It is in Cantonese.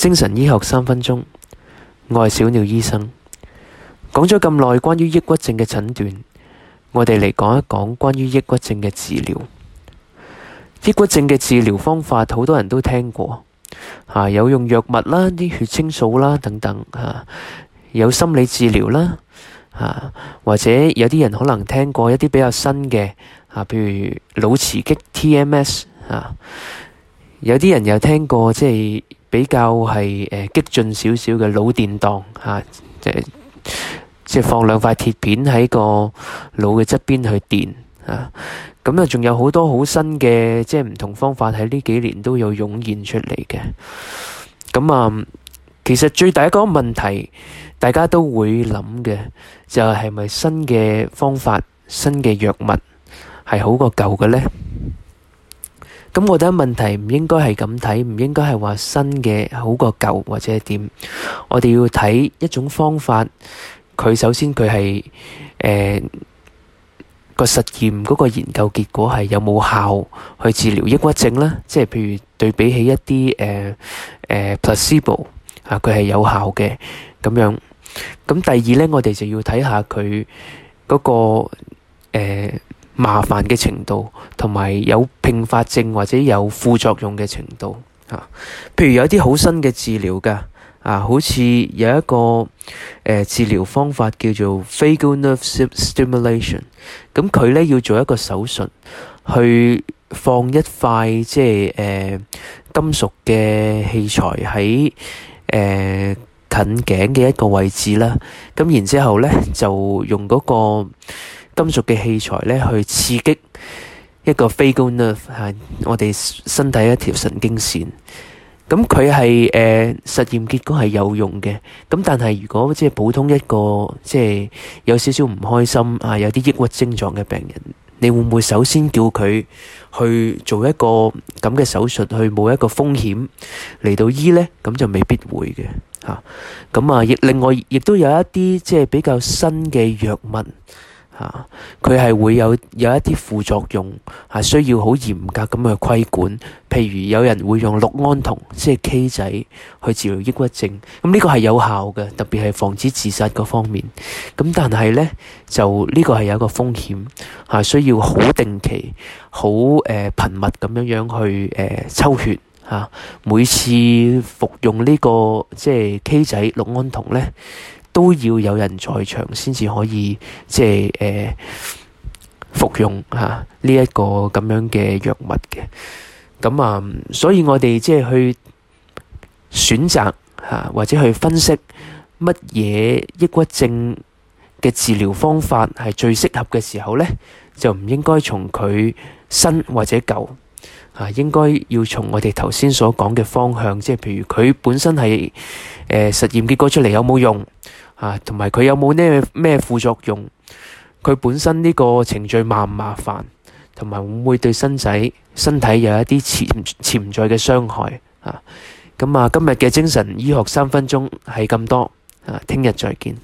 精神醫學三分鐘，我係小鳥醫生。講咗咁耐關於抑鬱症嘅診斷，我哋嚟講一講關於抑鬱症嘅治療。抑鬱症嘅治療方法好多人都聽過，吓、啊、有用藥物啦，啲血清素啦等等吓、啊，有心理治療啦吓、啊，或者有啲人可能聽過一啲比較新嘅吓，譬如、啊、腦磁激 TMS 吓、啊，有啲人又聽過即係。比較係誒、呃、激進少少嘅腦電盪嚇、啊，即即係放兩塊鐵片喺個腦嘅側邊去電嚇。咁啊，仲有好多好新嘅即係唔同方法喺呢幾年都有湧現出嚟嘅。咁啊，其實最大一個問題，大家都會諗嘅就係、係、咪新嘅方法、新嘅藥物係好過舊嘅咧？咁我覺得問題唔應該係咁睇，唔應該係話新嘅好過舊或者點。我哋要睇一種方法，佢首先佢係誒個實驗嗰個研究結果係有冇效去治療抑鬱症咧？即係譬如對比起一啲誒誒 placebo 吓，佢係有效嘅咁樣。咁第二咧，我哋就要睇下佢嗰個誒。麻煩嘅程度，同埋有併發症或者有副作用嘅程度嚇。譬如有啲好新嘅治療㗎，啊，好似有一個誒治療方法叫做 vagus nerve stimulation，咁佢咧要做一個手術，去放一塊即係誒金屬嘅器材喺誒近頸嘅一個位置啦。咁然之後咧就用嗰個。金屬嘅器材咧，去刺激一個非官啊，係我哋身體一條神經線。咁佢係誒實驗結果係有用嘅。咁但係如果即係普通一個即係有少少唔開心啊，有啲抑鬱症狀嘅病人，你會唔會首先叫佢去做一個咁嘅手術去冇一個風險嚟到醫咧？咁就未必會嘅吓。咁啊，亦另外亦都有一啲即係比較新嘅藥物。啊，佢係會有有一啲副作用，啊需要好嚴格咁去規管。譬如有人會用氯胺酮，即係 K 仔去治療抑鬱症，咁、這、呢個係有效嘅，特別係防止自殺嗰方面。咁但係呢，就呢、這個係有一個風險，啊需要好定期、好誒頻密咁樣樣去誒抽血。嚇，每次服用呢、這個即係 K 仔氯胺酮呢。都要有人在場先至可以即係誒、呃、服用嚇呢、啊、一個咁樣嘅藥物嘅。咁啊，所以我哋即係去選擇嚇、啊、或者去分析乜嘢抑鬱症嘅治療方法係最適合嘅時候咧，就唔應該從佢新或者舊。啊，應該要從我哋頭先所講嘅方向，即係譬如佢本身係誒、呃、實驗結果出嚟有冇用啊，同埋佢有冇咩咩副作用，佢本身呢個程序麻唔麻煩，同埋會唔會對身仔身體有一啲潛潛在嘅傷害啊？咁啊，今日嘅精神醫學三分鐘係咁多啊，聽日再見。